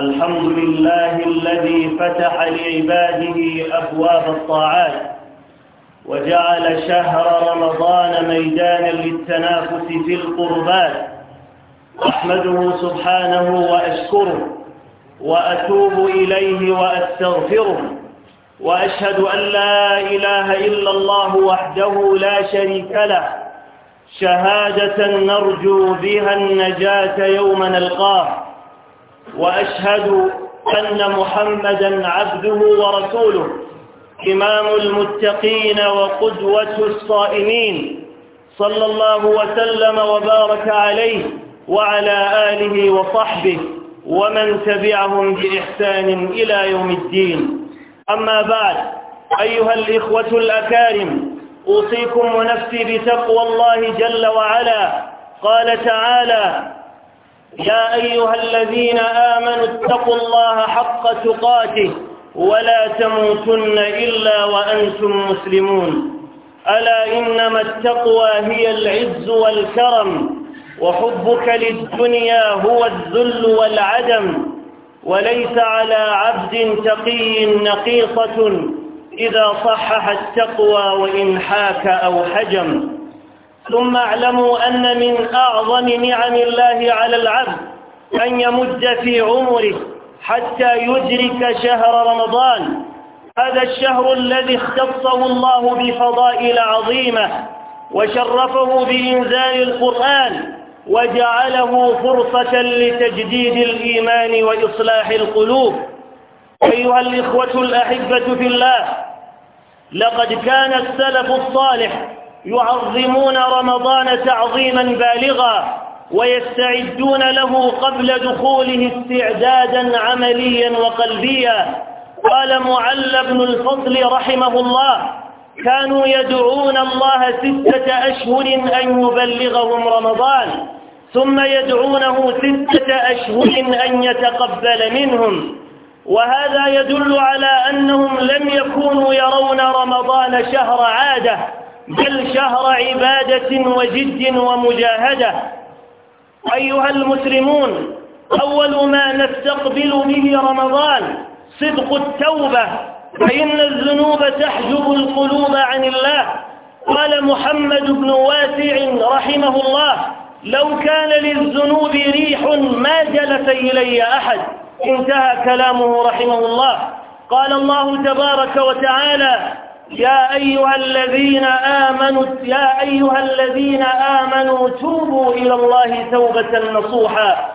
الحمد لله الذي فتح لعباده أبواب الطاعات وجعل شهر رمضان ميدانا للتنافس في القربات أحمده سبحانه وأشكره وأتوب إليه وأستغفره وأشهد أن لا إله إلا الله وحده لا شريك له شهادة نرجو بها النجاة يوم نلقاه وأشهد أن محمدا عبده ورسوله إمام المتقين وقدوة الصائمين صلى الله وسلم وبارك عليه وعلى آله وصحبه ومن تبعهم بإحسان إلى يوم الدين أما بعد أيها الإخوة الأكارم أوصيكم ونفسي بتقوى الله جل وعلا قال تعالى يا أيها الذين آمنوا اتقوا الله حق تقاته ولا تموتن إلا وأنتم مسلمون ألا إنما التقوى هي العز والكرم وحبك للدنيا هو الذل والعدم وليس على عبد تقي نقيصة إذا صحح التقوى وإن حاك أو حجم ثم اعلموا أن من أعظم نعم الله على العبد أن يمد في عمره حتى يدرك شهر رمضان هذا الشهر الذي اختصه الله بفضائل عظيمة وشرفه بإنزال القرآن وجعله فرصة لتجديد الإيمان وإصلاح القلوب أيها الإخوة الأحبة في الله لقد كان السلف الصالح يعظمون رمضان تعظيما بالغا ويستعدون له قبل دخوله استعدادا عمليا وقلبيا قال معل بن الفضل رحمه الله كانوا يدعون الله ستة أشهر أن يبلغهم رمضان ثم يدعونه ستة أشهر أن يتقبل منهم وهذا يدل على أنهم لم يكونوا يرون رمضان شهر عادة بل شهر عبادة وجد ومجاهدة أيها المسلمون أول ما نستقبل به رمضان صدق التوبة فإن الذنوب تحجب القلوب عن الله قال محمد بن واسع رحمه الله لو كان للذنوب ريح ما جلس إلي أحد انتهى كلامه رحمه الله قال الله تبارك وتعالى يا أيها الذين آمنوا يا أيها الذين آمنوا توبوا إلى الله توبة نصوحا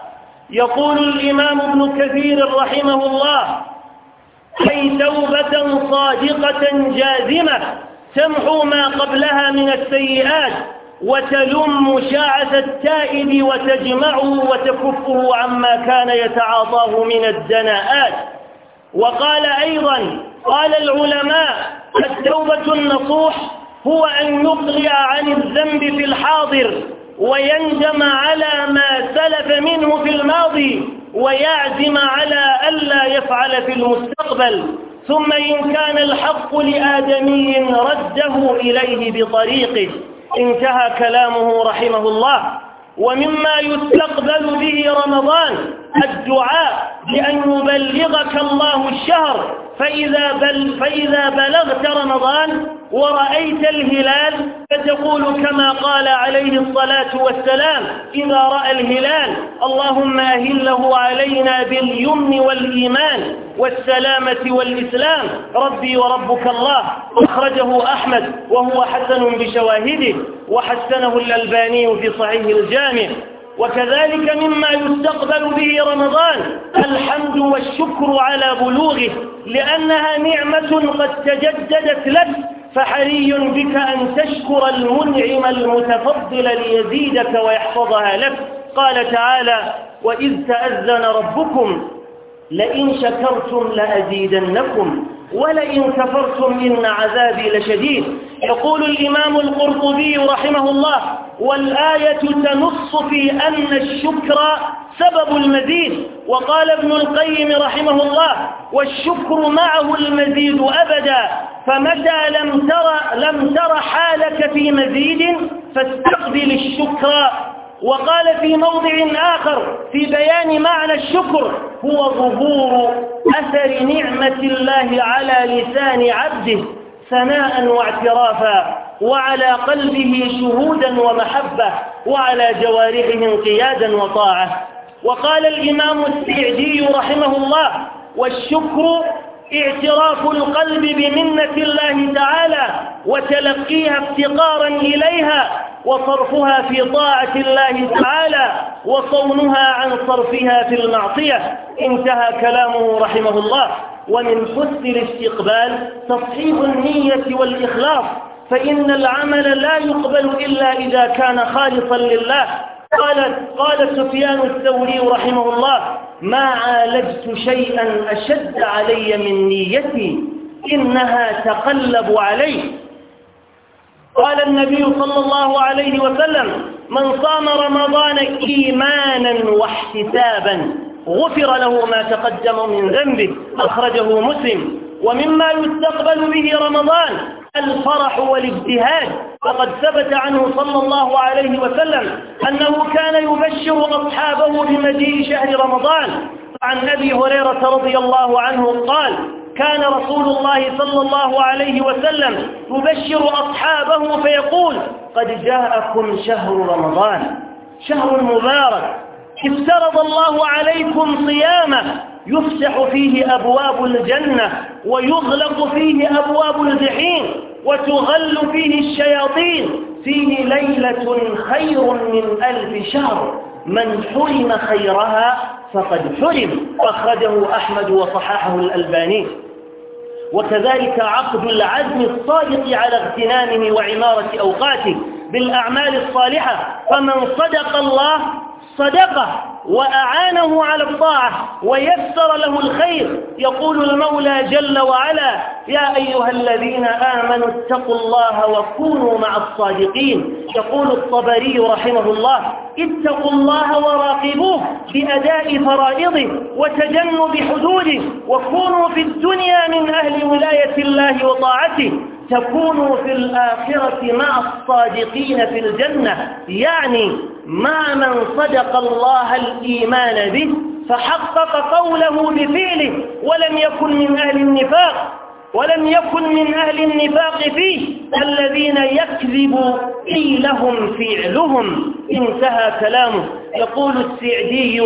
يقول الإمام ابن كثير رحمه الله أي توبة صادقة جازمة تمحو ما قبلها من السيئات وتلم شعث التائب وتجمعه وتكفه عما كان يتعاطاه من الدناءات وقال أيضا قال العلماء التوبة النصوح هو أن يطلع عن الذنب في الحاضر ويندم على ما سلف منه في الماضي ويعزم على ألا يفعل في المستقبل ثم إن كان الحق لآدمي رده إليه بطريقه انتهى كلامه رحمه الله ومما يستقبل به رمضان الدعاء بأن يبلغك الله الشهر فإذا, بل فإذا بلغت رمضان ورأيت الهلال فتقول كما قال عليه الصلاة والسلام إذا رأى الهلال اللهم أهله علينا باليمن والإيمان والسلامة والإسلام ربي وربك الله أخرجه أحمد وهو حسن بشواهده وحسنه الألباني في صحيح الجامع وكذلك مما يستقبل به رمضان الحمد والشكر على بلوغه لأنها نعمة قد تجددت لك فحري بك أن تشكر المنعم المتفضل ليزيدك ويحفظها لك قال تعالى وإذ تأذن ربكم لئن شكرتم لأزيدنكم ولئن كفرتم إن عذابي لشديد يقول الإمام القرطبي رحمه الله والآية تنص في أن الشكر سبب المزيد وقال ابن القيم رحمه الله والشكر معه المزيد أبدا فمتى لم تر, لم تر حالك في مزيد فاستقبل الشكر وقال في موضع آخر في بيان معنى الشكر هو ظهور أثر نعمة الله على لسان عبده ثناء واعترافا وعلى قلبه شهودا ومحبة وعلى جوارحه انقيادا وطاعة وقال الإمام السعدي رحمه الله والشكر اعتراف القلب بمنة الله تعالى وتلقيها افتقارا إليها وصرفها في طاعة الله تعالى وصونها عن صرفها في المعصية انتهى كلامه رحمه الله ومن حسن الاستقبال تصحيح النية والإخلاص فإن العمل لا يقبل إلا إذا كان خالصا لله قال قال سفيان الثوري رحمه الله ما عالجت شيئا أشد علي من نيتي إنها تقلب علي قال النبي صلى الله عليه وسلم من صام رمضان إيمانا واحتسابا غفر له ما تقدم من ذنبه أخرجه مسلم ومما يستقبل به رمضان الفرح والابتهاج فقد ثبت عنه صلى الله عليه وسلم أنه كان يبشر أصحابه بمجيء شهر رمضان عن أبي هريرة رضي الله عنه قال كان رسول الله صلى الله عليه وسلم يبشر أصحابه فيقول قد جاءكم شهر رمضان شهر مبارك افترض الله عليكم صيامه يفسح فيه أبواب الجنة ويغلق فيه أبواب الجحيم وتغل فيه الشياطين فيه ليلة خير من ألف شهر من حرم خيرها فقد حرم أخرجه أحمد وصححه الألباني وكذلك عقد العزم الصادق على اغتنامه وعمارة أوقاته بالأعمال الصالحة فمن صدق الله صدقه وأعانه على الطاعة ويسر له الخير يقول المولى جل وعلا يا أيها الذين آمنوا اتقوا الله وكونوا مع الصادقين يقول الطبري رحمه الله اتقوا الله وراقبوه بأداء فرائضه وتجنب حدوده وكونوا في الدنيا من أهل ولاية الله وطاعته تكونوا في الآخرة مع الصادقين في الجنة يعني مع من صدق الله الإيمان به فحقق قوله بفعله ولم يكن من أهل النفاق ولم يكن من أهل النفاق فيه الذين يكذب قيلهم فعلهم انتهى كلامه يقول السعدي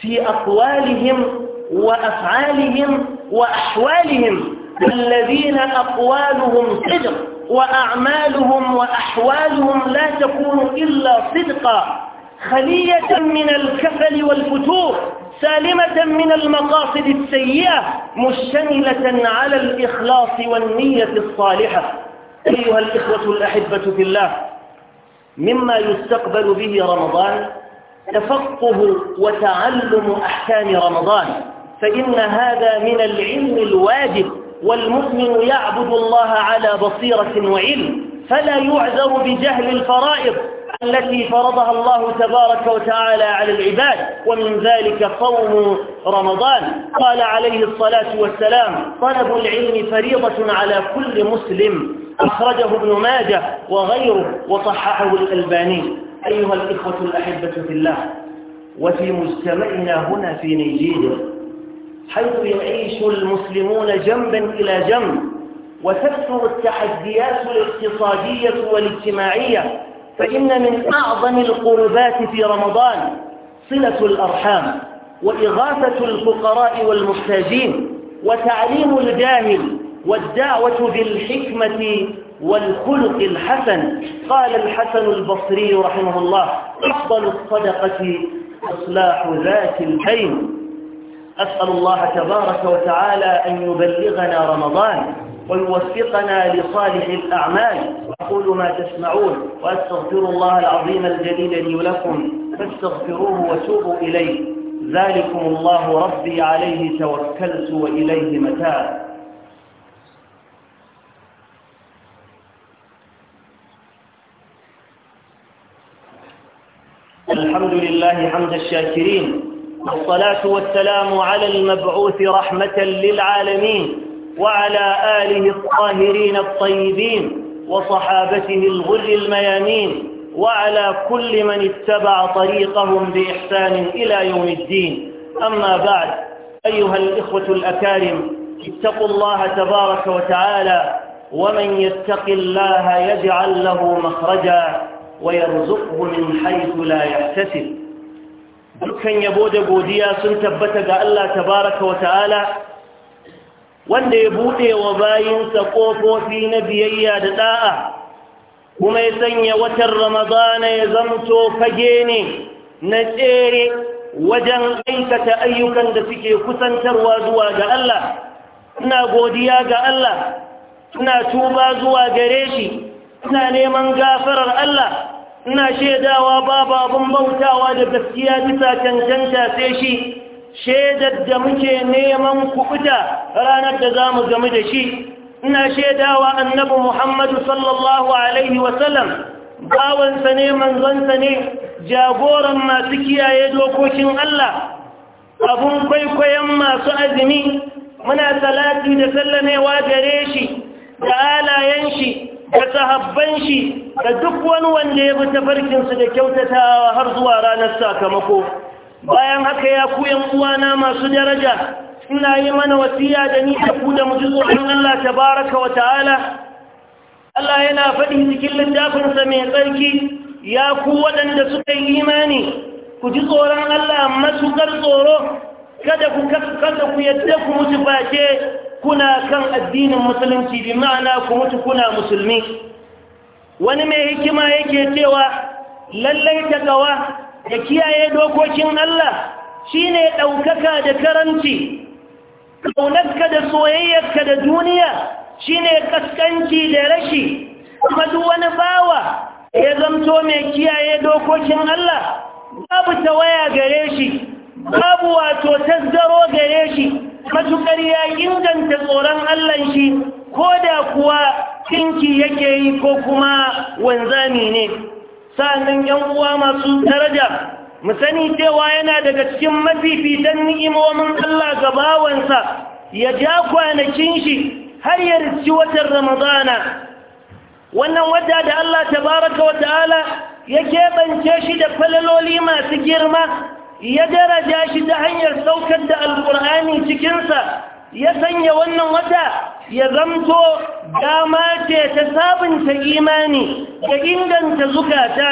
في أقوالهم وأفعالهم وأحوالهم الذين أقوالهم صدق وأعمالهم وأحوالهم لا تكون إلا صدقا خلية من الكفل والفتور سالمة من المقاصد السيئة مشتملة على الإخلاص والنية الصالحة أيها الإخوة الأحبة في الله مما يستقبل به رمضان تفقه وتعلم أحكام رمضان فإن هذا من العلم الواجب والمؤمن يعبد الله على بصيرة وعلم فلا يعذر بجهل الفرائض التي فرضها الله تبارك وتعالى على العباد ومن ذلك صوم رمضان قال عليه الصلاة والسلام طلب العلم فريضة على كل مسلم أخرجه ابن ماجه وغيره وصححه الألباني أيها الإخوة الأحبة في الله وفي مجتمعنا هنا في نيجيريا حيث يعيش المسلمون جنبا إلى جنب وتكثر التحديات الاقتصادية والاجتماعية فإن من أعظم القربات في رمضان صلة الأرحام وإغاثة الفقراء والمحتاجين وتعليم الجاهل والدعوة بالحكمة والخلق الحسن قال الحسن البصري رحمه الله أفضل الصدقة إصلاح ذات البين أسأل الله تبارك وتعالى أن يبلغنا رمضان ويوفقنا لصالح الأعمال أقول ما تسمعون وأستغفر الله العظيم الجليل لي ولكم فاستغفروه وتوبوا إليه ذلكم الله ربي عليه توكلت وإليه متاب الحمد لله حمد الشاكرين الصلاة والسلام على المبعوث رحمة للعالمين وعلى آله الطاهرين الطيبين وصحابته الغر الميامين وعلى كل من اتبع طريقهم بإحسان إلى يوم الدين أما بعد أيها الإخوة الأكارم اتقوا الله تبارك وتعالى ومن يتق الله يجعل له مخرجا ويرزقه من حيث لا يحتسب dukkan yabo da godiya sun tabbata ga Allah tabaraka wa ta'ala wanda ya buɗe wa bayinsa ƙofofi na biyayya da ɗa'a kuma ya sanya watan ramadana ya zamto fage ne na tsere wajen aikata ayyukan da suke kusantarwa zuwa ga Allah ina godiya ga Allah ina tuba zuwa gare shi ina neman gafarar Allah ina shaidawa babu abin bautawa da gaskiya bisa cancanta sai shi shaidar da muke neman kubuta ranar da za mu gamu da shi ina shaidawa annabi muhammadu sallallahu alaihi wasallam bawansa ne manzonsa ne jagoran masu kiyaye dokokin Allah abun kwaikwayon masu azumi muna salati da sallamewa gare shi da alayen shi da sahabban shi da duk wani wanda ya bi tafarkinsu da kyautatawa har zuwa ranar sakamako bayan haka ya ku yan uwana masu daraja ina yi mana wasiya da ni da ku da mu ji tsoron Allah tabaraka wa ta'ala Allah yana faɗi cikin littafinsa mai tsarki ya ku waɗanda suka yi imani ku ji tsoron Allah matukar tsoro kada ku kada ku yadda ku mutu face kuna kan addinin musulunci bi ma'ana ku mutu kuna musulmi wani mai hikima yake cewa lallai ta takawa da kiyaye dokokin Allah shine ɗaukaka da karanci kaunarka da soyayyarka da duniya shine kaskanci da rashi kuma duk wani bawa ya zamto mai kiyaye dokokin Allah babu tawaya gare shi babu wato taddaro gare shi matukar ya inganta tsoron Allah shi ko da kuwa tinki yake yi ko kuma wanzami ne sa'annan yan uwa masu daraja mu sani cewa yana daga cikin mafifitan ni'imomin Allah ga bawansa ya ja kwanakin shi har ya riski watan Ramadana wannan wata da Allah tabaraka wa ta'ala ya keɓance shi da falaloli masu girma ya daraja shi ta hanyar saukar da alƙur'ani cikinsa ya sanya wannan wata ya zamto dama ce ta sabunta imani ya inganta zukata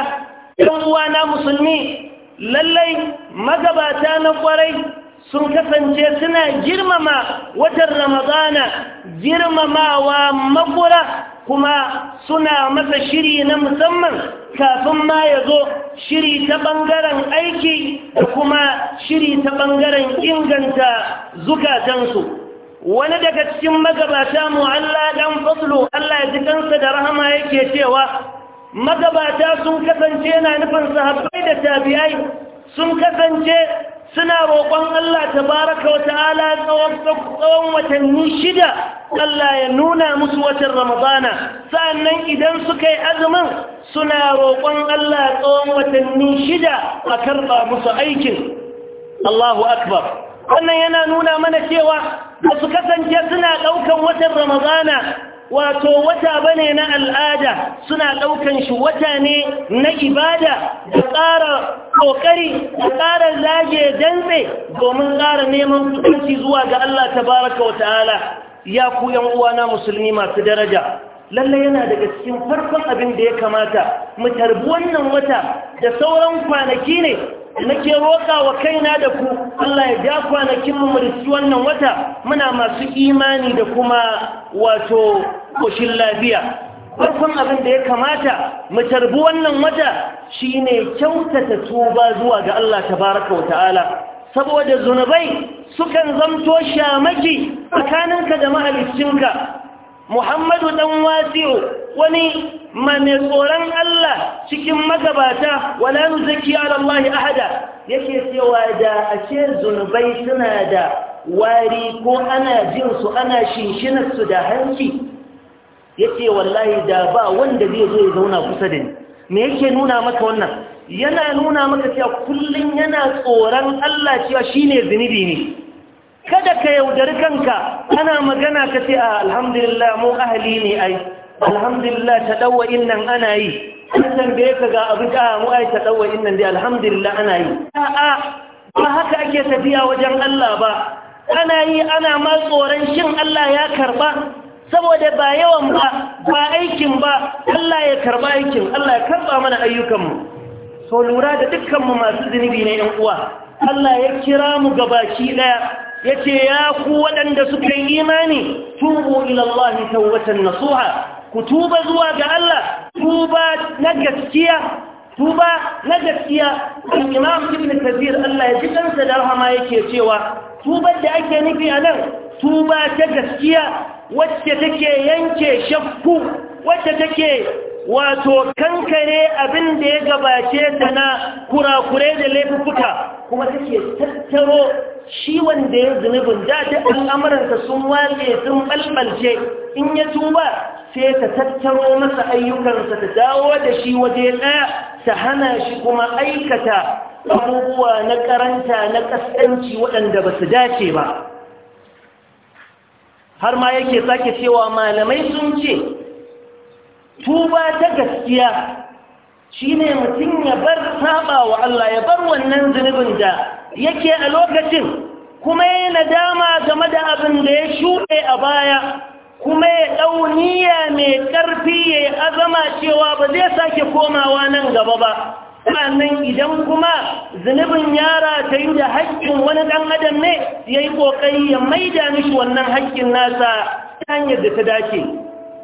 ɗan uwana musulmi lallai magabata na ƙwarai sun kasance suna girmama watan ramadana girmamawa makura kuma suna masa shiri na musamman kafin ma ya zo shiri ta ɓangaren aiki da kuma shiri ta ɓangaren inganta zukatansu wani daga cikin magabata mu Allah dan faslo Allah ya ji kansa da rahama yake cewa magabata sun kasance na nufin sahabbai da tabi'ai sun kasance suna roƙon Allah baraka wa ta'ala tsawon watanni shida Allah ya nuna musu watan Ramadana sa'annan idan suka yi azumin suna roƙon Allah tsawon watanni shida a karɓa musu aikin Allahu akbar wannan yana nuna mana cewa ba su kasance suna ɗaukan watan Ramadana wato wata bane na al'ada suna ɗaukan shi wata ne na ibada da ƙara ƙoƙari da ƙara zage dantse domin ƙara neman kudanci zuwa ga Allah tabaraka wa ta'ala ya ku yan uwana musulmi masu daraja lallai yana daga cikin farkon abin da ya kamata mu tarbi wannan wata da sauran kwanaki ne nake roƙa wa kaina da ku Allah ya ja kwanakin mu mu wannan wata muna masu imani da kuma wato koshin lafiya farkon abin da ya kamata mu tarbi wannan wata shine kyautata tuba zuwa ga Allah tabaraka wa ta'ala saboda zunubai sukan zamto shamaki tsakaninka da mahaliccinka muhammadu dan wasi'u wani ma mai tsoron Allah cikin magabata wala nuzaki ala Allah ahada yake cewa da ashe zunubai suna da wari ko ana jin su ana shinshinar su da hanci yake wallahi da ba wanda zai zo ya zauna kusa da ni me yake nuna maka wannan yana nuna maka cewa kullun yana tsoron Allah cewa shine zunubi ne kada ka yaudari kanka ana magana ka ce a alhamdulillah mu ahali ne ai alhamdulillah ta dawa innan ana yi an tambaye ka ga abin da mu ai ta dawa innan dai alhamdulillah ana yi a'a ba haka ake tafiya wajen Allah ba ana yi ana ma tsoron shin Allah ya karba saboda ba yawan ba ba aikin ba Allah ya karba aikin Allah ya karba mana ayyukanmu so lura da dukkanmu masu zunubi ne yan uwa Allah ya kira mu gabaki daya yace ya ku waɗanda suka yi imani tubu ila Allah tawbatan nasuha ku tuba zuwa ga Allah tuba na gaskiya tuba na gaskiya Imam Ibn Kathir Allah ya ji kansa da rahama yake cewa tuba da ake nufi a nan tuba ta gaskiya wacce take yanke shakku wacce take wato kankare abin da ya gabace ta na kurakure da laifuka kuma take tattaro shi wanda ya zunubin da ta al'amuransa sun wale sun balbalce in ya tuba sai ta tattaro masa ayyukansa ta dawo da shi waje ɗaya ta hana shi kuma aikata abubuwa na karanta na kaskanci waɗanda ba su dace ba har ma yake sake cewa malamai sun ce tuba ta gaskiya shi ne mutum ya bar saba wa Allah ya bar wannan zunubin da yake a lokacin kuma ya nadama game da abin da ya shuɗe a baya kuma ya ɗau niyya mai ƙarfi ya yi azama cewa ba zai sake komawa nan gaba ba sannan idan kuma zunubin yara ta yi da haƙƙin wani ɗan adam ne ya yi ƙoƙari ya maida mishi wannan haƙƙin nasa ta hanyar da ta dace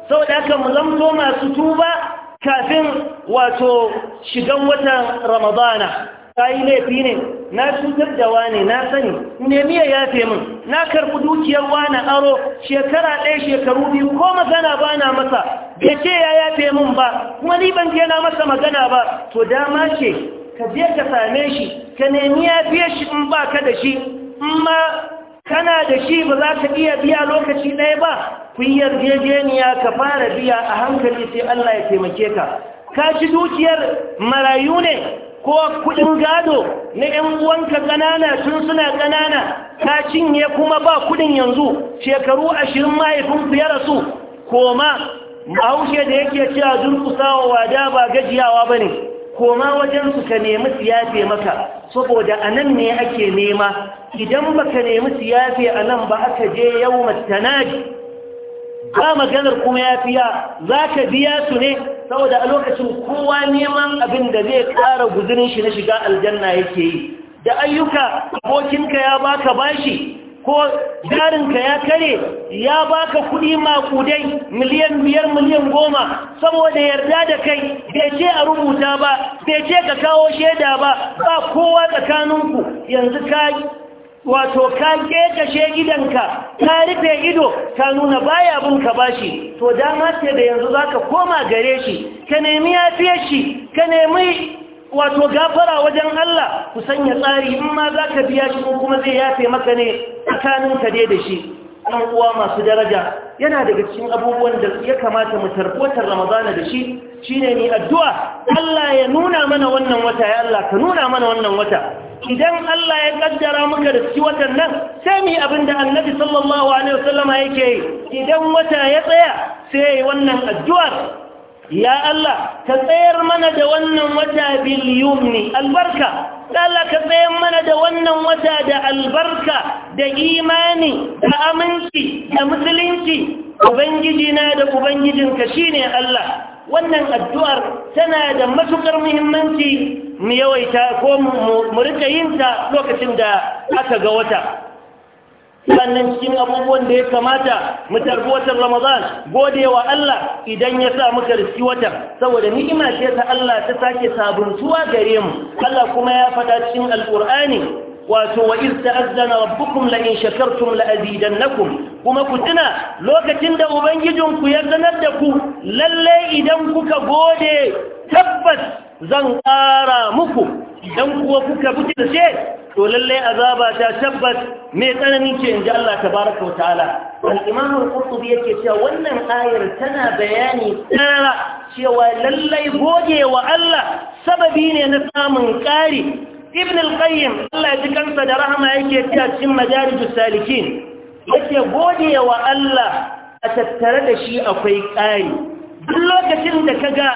sau da aka mu zamto masu tuba kafin wato shigan watan ramadana ta yi laifi ne na cutar da wane na sani nemi ya yafe min na karɓi dukiyar wane aro shekara ɗaya shekaru biyu ko magana ba na masa bai ce ya yafe min ba kuma ni ban je na masa magana ba to dama ce ka je ka same shi ka nemi yafiye shi in ba ka da shi in ma kana da shi ba za ka iya biya lokaci ɗaya ba ku yi yarjejeniya ka fara biya a hankali sai Allah ya taimake ka ka ci dukiyar marayu ne ko kuɗin gado na 'yan uwanka ƙanana tun suna ƙanana ka cinye kuma ba kuɗin yanzu shekaru ashirin mahaifinku ya rasu koma haushe da yake cewa wa wada ba gajiyawa ba ne koma wajen su ka nemi siyafe maka saboda a nan ne ake nema idan baka nemi siyafe a nan ba aka je yau matanadi ba maganar kuma yafiya za ka biya su ne saboda a lokacin kowa neman abin da zai ƙara guzurin shi na shiga aljanna yake yi da ayyuka abokinka ya baka bashi ko ka ya kare ya baka kuɗi makudai miliyan biyar miliyan goma saboda yarda da kai bai ce a rubuta ba bai ce ka kawo shaida ba ba kowa tsakaninku yanzu ka wato ka kekashe gidanka ka rufe ido ka nuna baya bin ka bashi to dama sai da yanzu zaka koma gare shi ka nemi yafiyar shi ka nemi wato gafara wajen Allah ku sanya tsari in ma za ka biya shi ko kuma zai yafe maka ne ka dai da shi An uwa masu daraja yana daga cikin abubuwan da ya kamata mu tarbota ramadana da shi shine ni addu'a Allah ya nuna mana wannan wata ya Allah ka nuna mana wannan wata idan Allah ya kaddara muka da ciki watan nan sai mu abinda annabi sallallahu alaihi wasallama yake yi idan wata ya tsaya sai wannan addu'ar ya Allah ka tsayar mana da wannan wata biliyuni albarka Allah ka tsayar mana da wannan wata da albarka da imani da aminci da musulunci ubangiji na da ubangijinka ne Allah wannan addu'ar tana da matukar muhimmanci mu yawaita ko mu rika yin ta lokacin da aka ga wata sannan cikin abubuwan da ya kamata mu tarbi watan Ramadan godewa Allah idan ya sa muka riski watan saboda ni'ima ce ta Allah ta sake sabuntuwa gare mu Allah kuma ya faɗa cikin Alƙur'ani wato wa iz ta'azzana rabbukum la in shakartum la azidannakum kuma ku tuna lokacin da ubangijinku ya sanar da ku lalle idan kuka gode tabbas zan ƙara muku idan kuwa kuka butulce to lallai azaba ta tabbas mai tsanani ce ji Allah tabaraka wa ta'ala al-imam yake cewa wannan ayar tana bayani tsara cewa lallai goge wa Allah sababi ne na samun ƙari ibn al-qayyim Allah ya ji kansa da rahama yake cewa cikin madarijus salikin yake gode wa Allah a tattare da shi akwai ƙari duk lokacin da ka ga.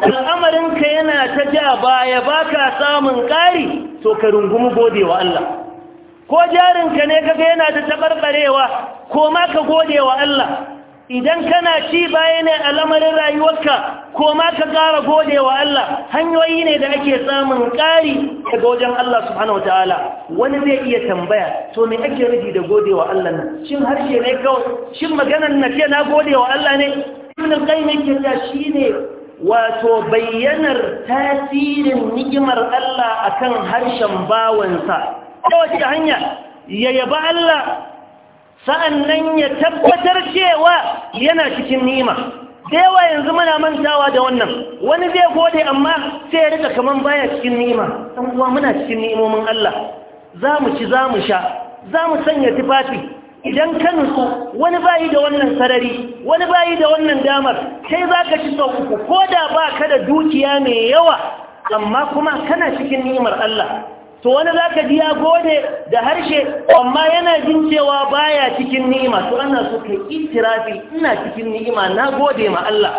al'amarinka yana ta ja baya ba ka samun ƙari to ka rungumi gode wa Allah ko jarinka ne kaga yana ta taɓarɓarewa ko ma ka gode wa Allah idan kana ci baya ne a lamarin rayuwarka ko ma ka ƙara gode wa Allah hanyoyi ne da ake samun ƙari daga wajen Allah subhanahu wataala wani zai iya tambaya to me ake riji da gode wa Allah nan shin harshe ne kawai shin maganar na ce na gode wa Allah ne ibn al-qayyim yake cewa shine wato bayyanar tasirin ni'imar Allah akan harshen bawansa ta wace hanya ya yaba Allah sa'annan ya tabbatar cewa yana cikin ni'ima da yawa yanzu muna mantawa da wannan wani zai gode amma sai ya rika kaman baya cikin ni'ima Ɗan uwa muna cikin ni'imomin Allah za mu ci za mu sha za mu sanya tufafi idan ka nutsu wani bayi da wannan sarari wani bayi da wannan damar kai za ka ci sau uku ko da ba ka da dukiya mai yawa amma kuma kana cikin ni'imar Allah to wani za ka ji ya gode da harshe amma yana jin cewa baya cikin ni'ima to ana so kai itirafi ina cikin ni'ima na gode ma Allah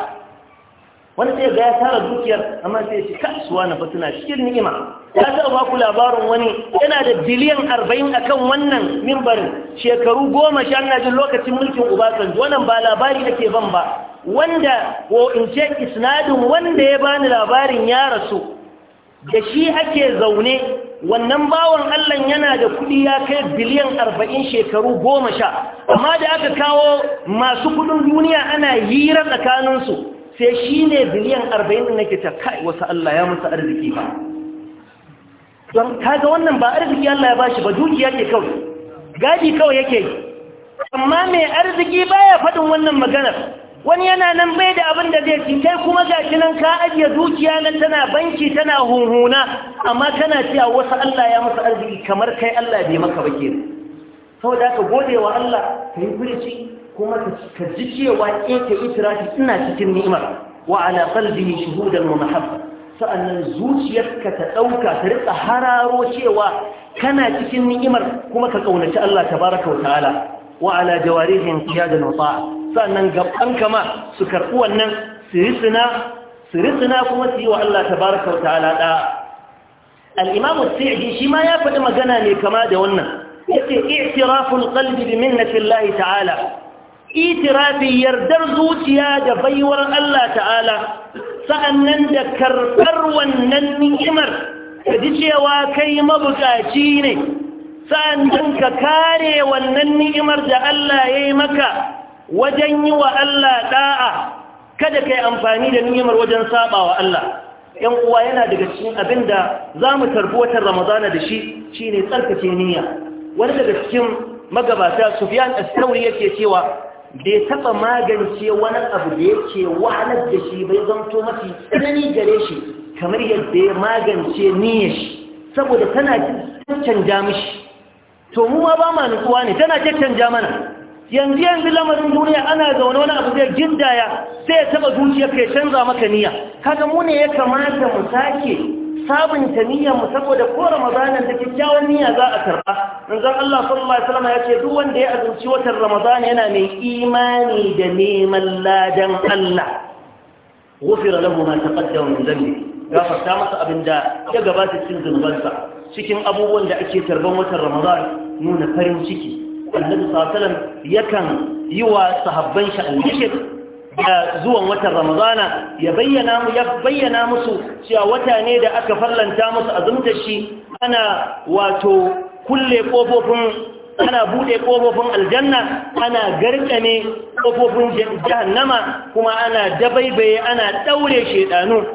wani sai ga ya tara dukiyar amma sai shi kasuwa na fatuna cikin ni'ima ya ga ba ku labarin wani yana da biliyan arba'in a kan wannan mimbarin shekaru goma sha Ina jin lokacin mulkin ubasanji wannan ba labari ke ban ba wanda ko in ce isnadin wanda ya bani labarin ya rasu da shi ake zaune wannan bawan Allah yana da kuɗi ya kai biliyan arba'in shekaru goma sha amma da aka kawo masu kuɗin duniya ana hira tsakaninsu sai shi ne biliyan arba'in da nake ta kai wasu Allah ya musu arziki ba don kaga wannan ba arziki Allah ya bashi ba dukiya ke kawai gadi kawai yake yi amma mai arziki baya faɗin wannan maganar wani yana nan bai da abin da zai ci kai kuma gashi nan ka ajiye dukiya nan tana banki tana hunhuna amma kana cewa wasu Allah ya masa arziki kamar kai Allah bai maka ba ke saboda ka gode wa Allah ka yi furici kuma ka ji cewa in ka itirafi ina cikin ni'imar wa ala qalbihi shuhudan wa mahabba sa'annan zuciyarka ta ɗauka ta ritsa hararo cewa kana cikin ni'imar kuma ka ƙaunaci Allah tabaraka wa ta'ala wa ala jawarihin sa'annan gaban kama su karɓi wannan su risina su kuma su yi wa Allah tabaraka wa ta'ala da al-imam as shi ma ya faɗi magana ne kama da wannan yace i'tiraful qalbi bi ta'ala itirafi yardar zuciya da baiwar Allah ta'ala sa'annan da karɓar wannan ni'imar ka ji cewa kai mabukaci ne sa'annan ka kare wannan ni'imar da Allah ya yi maka wajen yi wa Allah ɗa'a kada ka yi amfani da ni'imar wajen saɓa wa Allah ‘yan uwa yana daga cikin abin da za mu tarbi watan ramadana da shi shi ne tsarkake niyya wani daga cikin magabata sufiyan astauri yake cewa bai taɓa magance wani abu da yake wahalar da shi bai zanto mafi tsanani gare shi kamar yadda ya magance niyyar shi saboda tana cancanja mishi to mu ma ba ma nutsuwa ne tana canja mana yanzu yanzu lamarin duniya ana zaune wani abu zai gindaya sai ya taɓa zuciya kai canza maka niyya kaga mu ne ya kamata mu sake sabunta niyyar mu saboda ko ramadanin da kyakkyawan niyya za a karba manzon Allah sallallahu alaihi wasallam ya ce duk wanda ya azumci watan ramadan yana mai imani da neman ladan Allah ghufira lahu ma taqaddama min dhanbi gafarta masa da ya gabata cikin zunubansa cikin abubuwan da ake tarban watan ramadan nuna farin ciki annabi sallallahu alaihi wasallam yakan yi wa sahabban shi albishir da zuwan watan ramadana ya bayyana musu cewa wata ne da aka fallanta musu azumtar shi ana wato kulle kofofin ana bude kofofin aljanna ana garkame kofofin jahannama kuma ana dabaibaye ana daure shedanu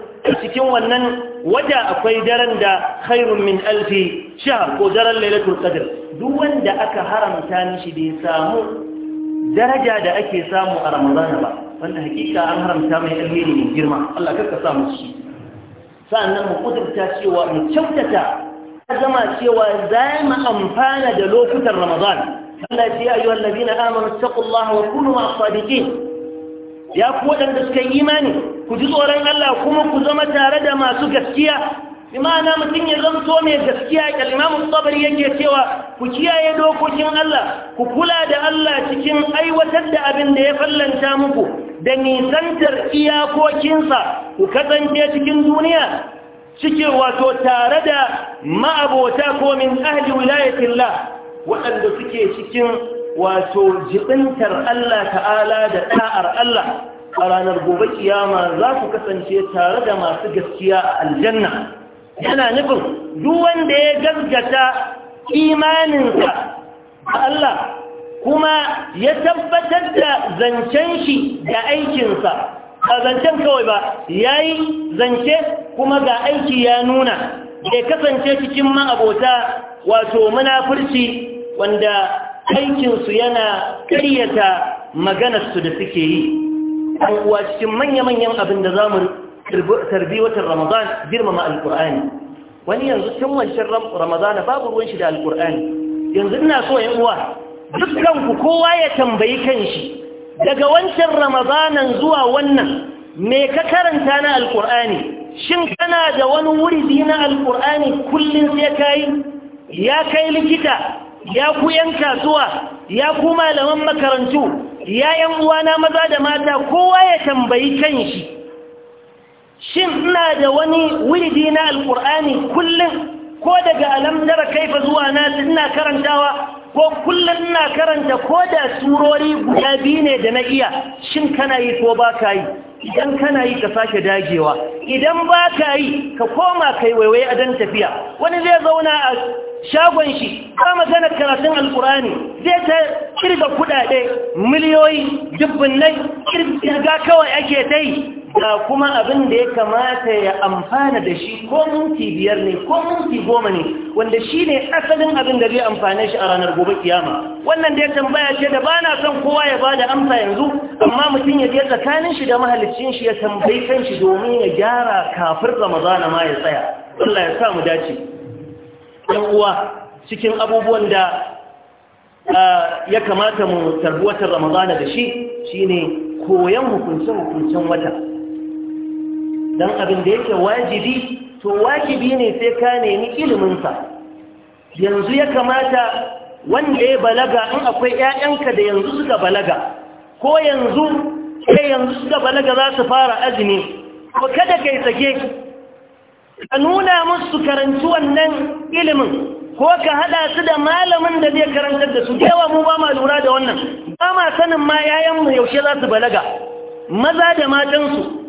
cikin wannan wata akwai daren da khairun min alfi sha ko daren lailatul qadr duk wanda aka haramta shi bai samu daraja da ake samu a ramadana ba wanda hakika an haramta mai alheri mai girma Allah kakka sa mu shi sannan mu kudurta cewa mu kyautata zama cewa za mu amfana da lokutan ramadan Allah ya ce ya ayyuhal ladina amanu taqullaha wa kunu ma'as sadiqin ya ku wadanda suka yi imani ku ji tsoron Allah kuma ku zama tare da masu gaskiya bi mutum ya zamto mai gaskiya kalimamu tsabari yake cewa ku kiyaye dokokin Allah ku kula da Allah cikin aiwatar da abin da ya fallanta muku da nisantar iyakokinsa ku kasance cikin duniya cike wato tare da ma'abota ko min ahli wilayatillah waɗanda suke cikin wato jibintar Allah ta'ala da ɗa'ar Allah a ranar gobe kiyama za ku kasance tare da masu gaskiya a aljanna yana nufin duk wanda ya gaskata imaninsa a Allah kuma ya tabbatar da zancen shi da aikinsa ba zancen kawai ba ya yi zance kuma ga aiki ya nuna ya kasance cikin ma'abota wato munafurci wanda aikinsu yana karyata maganarsu da suke yi uwa cikin manya-manyan abin da za tarbiwatar ramadan girmama alkur'ani wani yanzu tun wancan ramadan babu ruwan shi da alkur'ani yanzu ina so yan uwa dukkan ku kowa ya tambayi kanshi daga wancan ramadanan zuwa wannan me ka karanta na alkur'ani shin kana da wani wuri na alkur'ani kullum sai kai ya kai likita ya ku yan kasuwa ya ku malaman makarantu ya yan uwana maza da mata kowa ya tambayi kanshi shin ina da wani wuridi na alkur'ani kullum ko daga alamtara kaifa zuwa na ina karantawa ko kullum ina karanta ko da surori guda biyu ne da na iya shin kana yi ko ba ka yi idan kana yi ka sake dagewa idan ba ka yi ka koma yi waiwaye a dan tafiya wani zai zauna a shagon shi ba magana karatun alkurani zai ta kirga kudade miliyoyi dubbin nai kirga kawai ake ta yi ga kuma abin da ya kamata ya amfana da shi ko minti biyar ne ko minti goma ne wanda shi ne asalin abin da zai amfane shi a ranar gobe kiyama wannan da ya tambaya ce da bana son kowa ya bada da amsa yanzu amma mutum ya je tsakanin shi da mahalicin shi ya tambayi kan shi domin ya gyara kafin ramadana ma ya tsaya Allah ya sa mu dace yan uwa cikin abubuwan da ya kamata mu tarbi watan ramadana da shi shine koyan hukuncin-hukuncin wata don abin da yake wajibi to wajibi ne sai ka nemi iliminsa yanzu ya kamata wanda ya balaga in akwai 'ya'yanka da yanzu suka balaga ko yanzu sai yanzu suka balaga za su fara azumi ko kada kai sake ka nuna musu karanci wannan ilimin ko ka hada su da malamin da zai karantar da su yawa mu ba ma lura da wannan ba ma sanin ma 'ya'yanmu yaushe za su balaga maza da matansu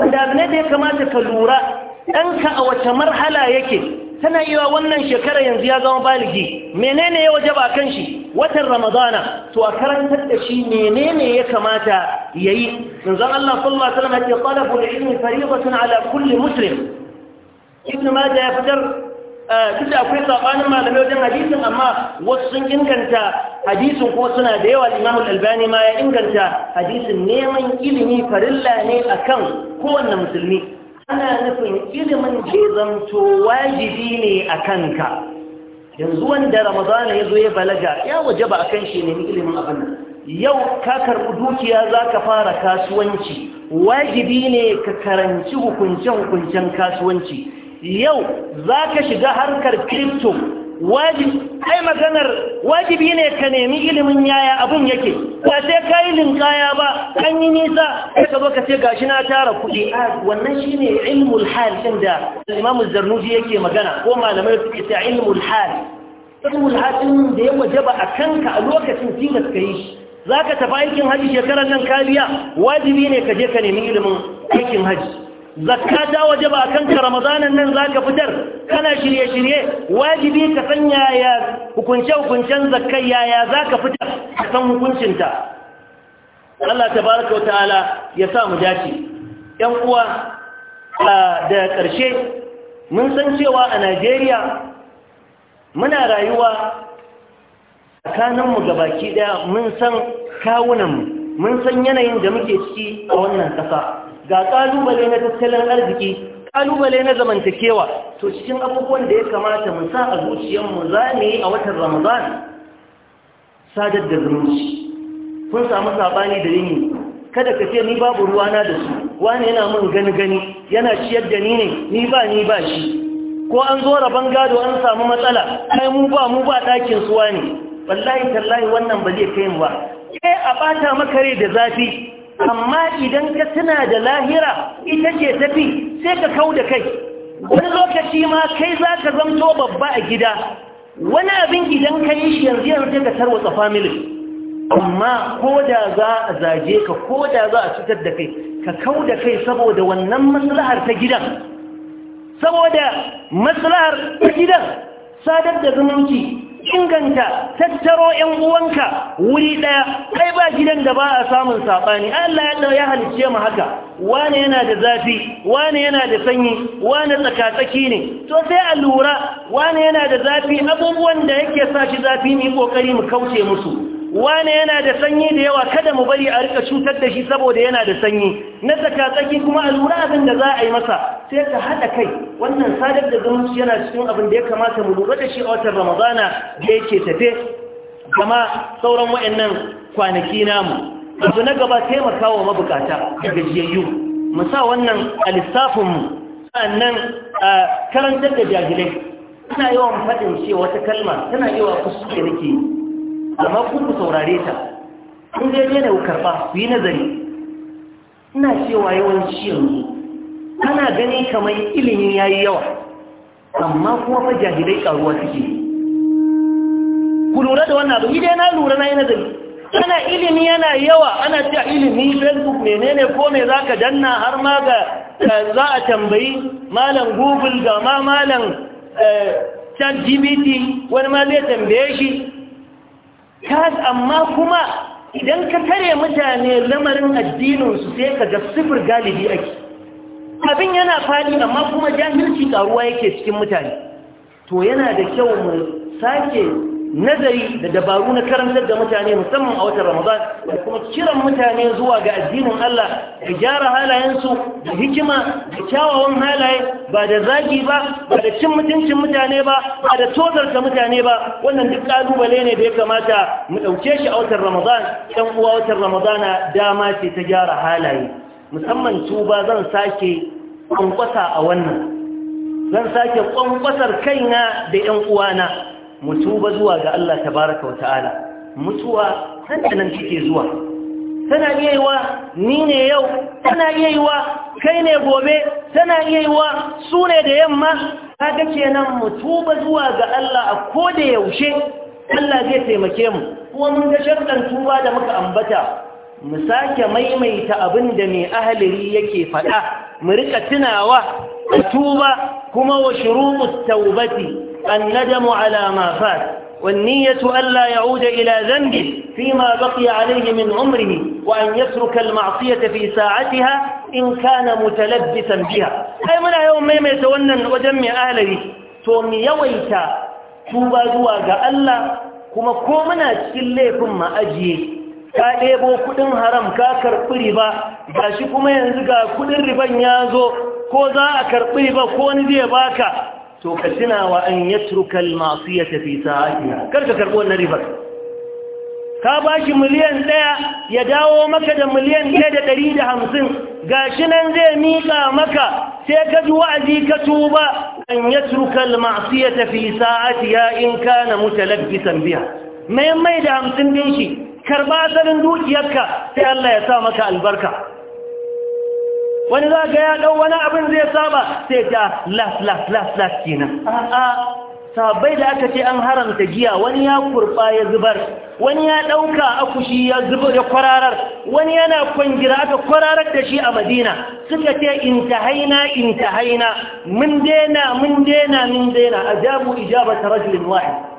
wanda abu ne da ya kamata ka lura ɗanka a wace marhala yake tana iya wannan shekara yanzu ya zama baligi menene ya waje ba kan shi watan ramadana to a karantar da shi menene ya kamata ya yi zan Allah sallallahu alaihi wasallam ya ce talabul ilmi fariidatun ala kulli muslim ibn majah ya fitar Eh, duk akwai sabanin malamai wajen hadisin amma wasu sun inganta hadisin ko suna da yawa Imam Al-Albani ma ya inganta hadisin neman ilimi farilla ne akan kowanne musulmi ana nufin ilimin da zanto wajibi ne a kanka yanzu wanda Ramadana ya zo ya balaga ya wajaba akan shi ne ilimin abin nan yau ka karɓi dukiya za ka fara kasuwanci wajibi ne ka karanci hukuncen-hukuncen kasuwanci yau za ka shiga harkar kripto ai maganar wajibi ne ka nemi ilimin yaya abin yake ba sai ka yi linkaya ba an yi nisa sai ka zo ka ce gashi na tara kuɗi wannan shine ilmul hal ɗin da imamu zarnuji yake magana ko malamai suke ta ilmul hal ilmul hal ɗin da ya wajaba a kanka a lokacin tilas ka yi shi za ka tafi aikin haji shekarar nan kariya wajibi ne ka je ka nemi ilimin aikin hajji. zakka ta waje ba kan ka ramadanan nan zaka fitar kana shirye shirye wajibi ka san yaya hukunce hukuncen zakka yaya zaka fitar ka san hukuncin ta Allah wa ta'ala ya sa mu dace ƴan uwa da ƙarshe mun san cewa a Najeriya muna rayuwa tsakaninmu ga baki ɗaya mun san kawunanmu mun san yanayin da muke ciki a wannan ƙasa ga ƙalubale na tattalin arziki ƙalubale na zamantakewa to cikin abubuwan da ya kamata mu sa a zuciyarmu za mu yi a watan ramadan sadar da zumunci kun samu saɓani da yini kada ka ce ni babu ruwana da su wani yana mun gani gani yana ciyar da ni ne ni ba ni ba shi ko an zo rabon gado an samu matsala ai mu ba mu ba ɗakin su wani wallahi tallahi wannan ba zai kai mu ba eh a ɓata maka rai da zafi amma idan ka tuna da lahira ita ce tafi sai ka kau da kai wani lokaci ma kai za ka zanto babba a gida wani abin idan ka yi shi yanzu yanzu ka tarwatsa family amma ko da za a zaje ka ko da za a cutar da kai ka kau da kai saboda wannan maslahar ta gidan saboda maslahar ta gidan sadar da zumunci inganta tattaro ‘yan uwanka wuri ɗaya kai ba gidan da ba a samun saɓani Allah ya halice mu haka wane yana da zafi wane yana da sanyi wane tsakatsaki ne to sai a lura wane yana da zafi abubuwan da yake sa shi zafi ne, ƙoƙari mu kauce musu wane yana da sanyi da yawa kada mu bari a rika cutar da shi saboda yana da sanyi na tsaki, kuma a lura abin da za a yi masa sai ka haɗa kai wannan sadar da zumunci yana cikin abin da ya kamata mu lura da shi a watan ramadana da yake tafe kama sauran wa'annan kwanaki namu abu na gaba taimaka wa mabukata da gajiyayyu mu sa wannan a lissafinmu sannan karantar da jahilai tana yawan faɗin cewa wata kalma tana yawa kuskure nake yi amma kuma ku saurare ta kun dai ne ku karba ku yi nazari ina cewa yawanci yanzu ana gani kamar ilimin yayi yawa amma kuma fa jahilai karuwa suke ku lura da wannan abin Idan na lura na yi nazari ana ilimi yana yawa ana cewa ilimi facebook menene ko me zaka danna har ma ga za a tambayi malam google ga ma malam eh, chat gbt wani ma zai tambaye shi amma kuma idan ka tare mutane lamarin addininsu sai ka ga sifir galibi ake abin yana faɗi amma kuma jahilci ƙaruwa yake cikin mutane to yana da kyau mu sake nazari da dabaru na karantar da mutane musamman a watan ramadan da kuma kiran mutane zuwa ga addinin Allah da gyara halayensu da hikima da kyawawan halaye ba da zagi ba ba da cin mutuncin mutane ba ba da tozarta mutane ba wannan duk kalubale ne da ya kamata mu ɗauke shi a watan ramadan ɗan uwa watan ramadana dama ce ta gyara halaye musamman tuba zan sake kwankwasa a wannan zan sake kwankwasar kaina da 'yan uwana mu tuba zuwa ga Allah tabaraka wa ta'ala mutuwa nan take zuwa tana iya yiwa ni ne yau tana iya yiwa kai ne gobe tana iya yiwa su ne da yamma kaga kenan mu tuba zuwa ga Allah a koda yaushe Allah zai taimake mu kuma mun ga sharɗan tuba da muka ambata mu sake maimaita abin da mai ahaliri yake faɗa mu rika tunawa tuba kuma wa shiru tawbati الندم على ما فات والنية ألا يعود إلى ذنبه فيما بقي عليه من عمره وأن يترك المعصية في ساعتها إن كان متلبسا بها أي من يوم ما يتونن ودم أهله توم يويتا توبا دواغا ألا كما كومنا تشليكم ما أجي ka ɗebo kuɗin haram ka karɓi riba gashi kuma yanzu ga kuɗin riban ya zo ko za a to ka tunawa an yatruka al-ma'siyata fi kar ka karbo wannan ribar ka bashi miliyan 1 ya dawo maka da miliyan 150 gashi nan zai mika maka sai ka ji wa'azi ka tuba an yatruka masiyata fi sa'atiha in kana mutalabbisan biha mai mai da 50 din shi karba asalin dukiyarka sai Allah ya sa maka albarka wani za ga ya ɗau wani abin zai saba sai ta las las las las kenan a'a sabai da aka ce an haramta giya wani ya kurba ya zubar wani ya ɗauka akushi ya zubar ya kwararar wani yana kwangira aka kwararar da shi a madina suka ce in intahaina intahaina mun daina mun daina mun daina ajabu ijabata rajulin wahid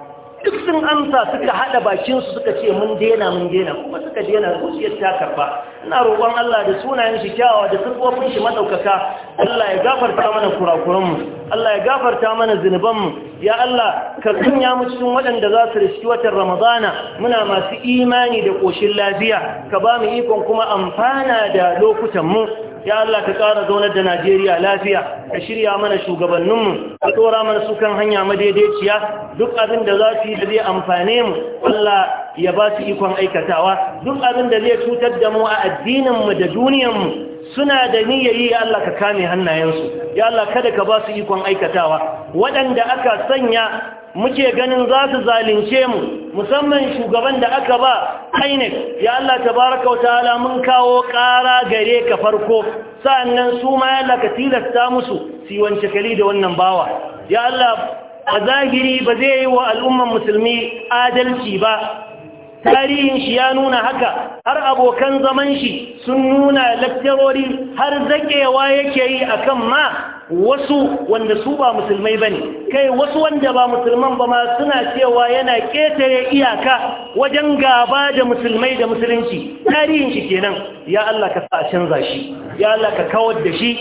duk sun amsa suka haɗa bakinsu suka ce mun dena mun dena kuma suka dena zuciyar ta karba ina roƙon Allah da sunayen shi kyawawa da sirkofin shi madaukaka Allah ya gafarta mana kurakuranmu Allah ya gafarta mana zunubanmu ya Allah ka kunya mu cikin waɗanda za su riski watan Ramadana muna masu imani da ƙoshin lafiya ka ba mu ikon kuma amfana da lokutan mu. ya Allah ka ƙara zaunar da Najeriya lafiya ka shirya mana shugabanninmu ka tsora mana su kan hanya madaidaiciya duk abin da za su yi da zai amfane mu Allah ya ba su ikon aikatawa duk abin da zai cutar da mu a addininmu da duniyanmu suna da niyyayi ya Allah ka kame hannayensu ya Allah kada ka ba su ikon aikatawa waɗanda aka sanya muke ganin za su zalunce mu musamman shugaban da aka ba INEC ya Allah tabaraka wa ta'ala mun kawo ƙara gare ka farko sa'annan su ma ya Allah ka tilasta musu su wance kali da wannan bawa ya Allah a zahiri ba zai yi wa al'umman musulmi adalci ba tarihin shi ya nuna haka har abokan zaman shi sun nuna lakcarori har zakewa yake yi akan ma wasu wanda su ba musulmai bane kai wasu wanda ba musulman ba ma suna cewa yana ƙetare iyaka wajen gaba da musulmai da musulunci tarihin shi kenan ya Allah ka sa a canza shi ya Allah ka kawar da shi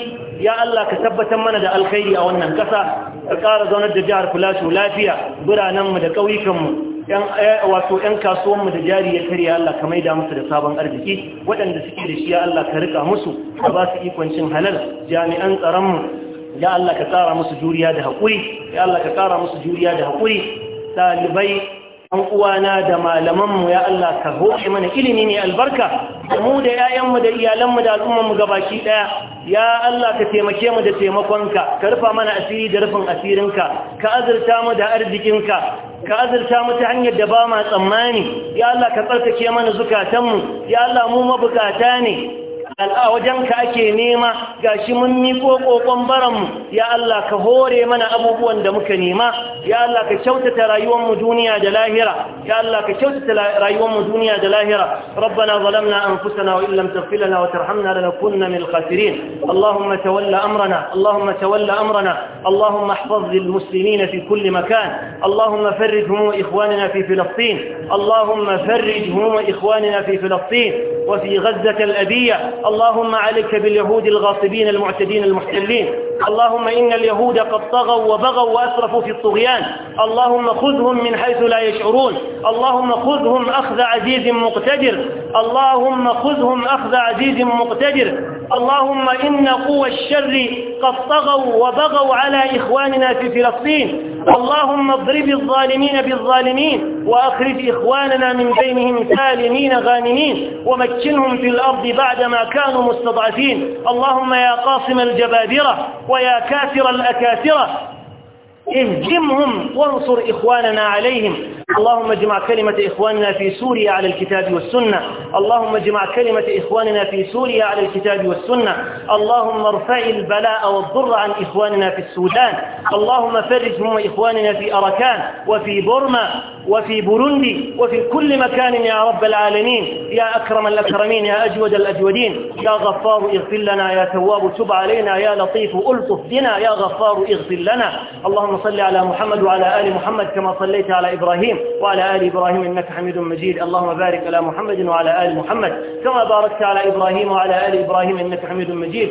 ya Allah ka tabbatar mana da alkhairi a wannan ƙasa ka ƙara zaunar da jihar Filato lafiya biranenmu da ƙauyukanmu eh, wato ‘yan kasuwanmu da jari ya karya Allah ka maida musu da sabon arziki waɗanda suke da shi ya Allah ka rika musu ka ba su ikon cin halal jami'an tsaronmu ya Allah ka tsara musu juriya da haƙuri ya Allah ka tsara musu juriya da haƙuri ɗalibai an uwana da malamanmu ya Allah ka hoƙe mana ilimi ne albarka da mu da 'ya'yanmu da iyalanmu da al'ummanmu gabaki ɗaya ya Allah ka taimake mu da taimakonka ka rufa mana asiri da rufin asirinka ka azurta mu da arzikinka ka azurta mu ta hanyar da ba ma tsammani ya Allah ka tsarkake mana zukatanmu ya Allah mu mabukata ne al'a wajenka ake nema gashi mun miko kokon baranmu ya Allah ka hore mana abubuwan da muka nema يا الله كشوتت رايوم دنيا جلاهرة يا الله كشوتت رايوم دنيا جلاهرة ربنا ظلمنا أنفسنا وإن لم تغفر لنا وترحمنا لنكن من الخاسرين اللهم تولى أمرنا اللهم تولى أمرنا اللهم احفظ المسلمين في كل مكان اللهم فرج هم إخواننا في فلسطين اللهم فرج هم إخواننا في فلسطين وفي غزة الأبية اللهم عليك باليهود الغاصبين المعتدين المحتلين اللهم إن اليهود قد طغوا وبغوا وأسرفوا في الطغيان اللهم خذهم من حيث لا يشعرون اللهم خذهم أخذ عزيز مقتدر اللهم خذهم أخذ عزيز مقتدر اللهم إن قوى الشر قد طغوا وبغوا على إخواننا في فلسطين اللهم اضرب الظالمين بالظالمين وأخرج إخواننا من بينهم سالمين غانمين ومكنهم في الأرض بعدما كانوا مستضعفين اللهم يا قاصم الجبابرة ويا كافر الأكافرة اهزمهم وانصر إخواننا عليهم اللهم اجمع كلمة إخواننا في سوريا على الكتاب والسنة اللهم اجمع كلمة إخواننا في سوريا على الكتاب والسنة اللهم ارفع البلاء والضر عن إخواننا في السودان اللهم فرج هم إخواننا في أركان وفي بورما وفي بروندي وفي كل مكان يا رب العالمين يا أكرم الأكرمين يا أجود الأجودين يا غفار اغفر لنا يا تواب تب علينا يا لطيف ألطف بنا يا غفار اغفر لنا اللهم صل على محمد وعلى آل محمد كما صليت على إبراهيم وعلى آل إبراهيم إنك حميد مجيد اللهم بارك على محمد وعلى آل محمد كما باركت على إبراهيم وعلى آل إبراهيم إنك حميد مجيد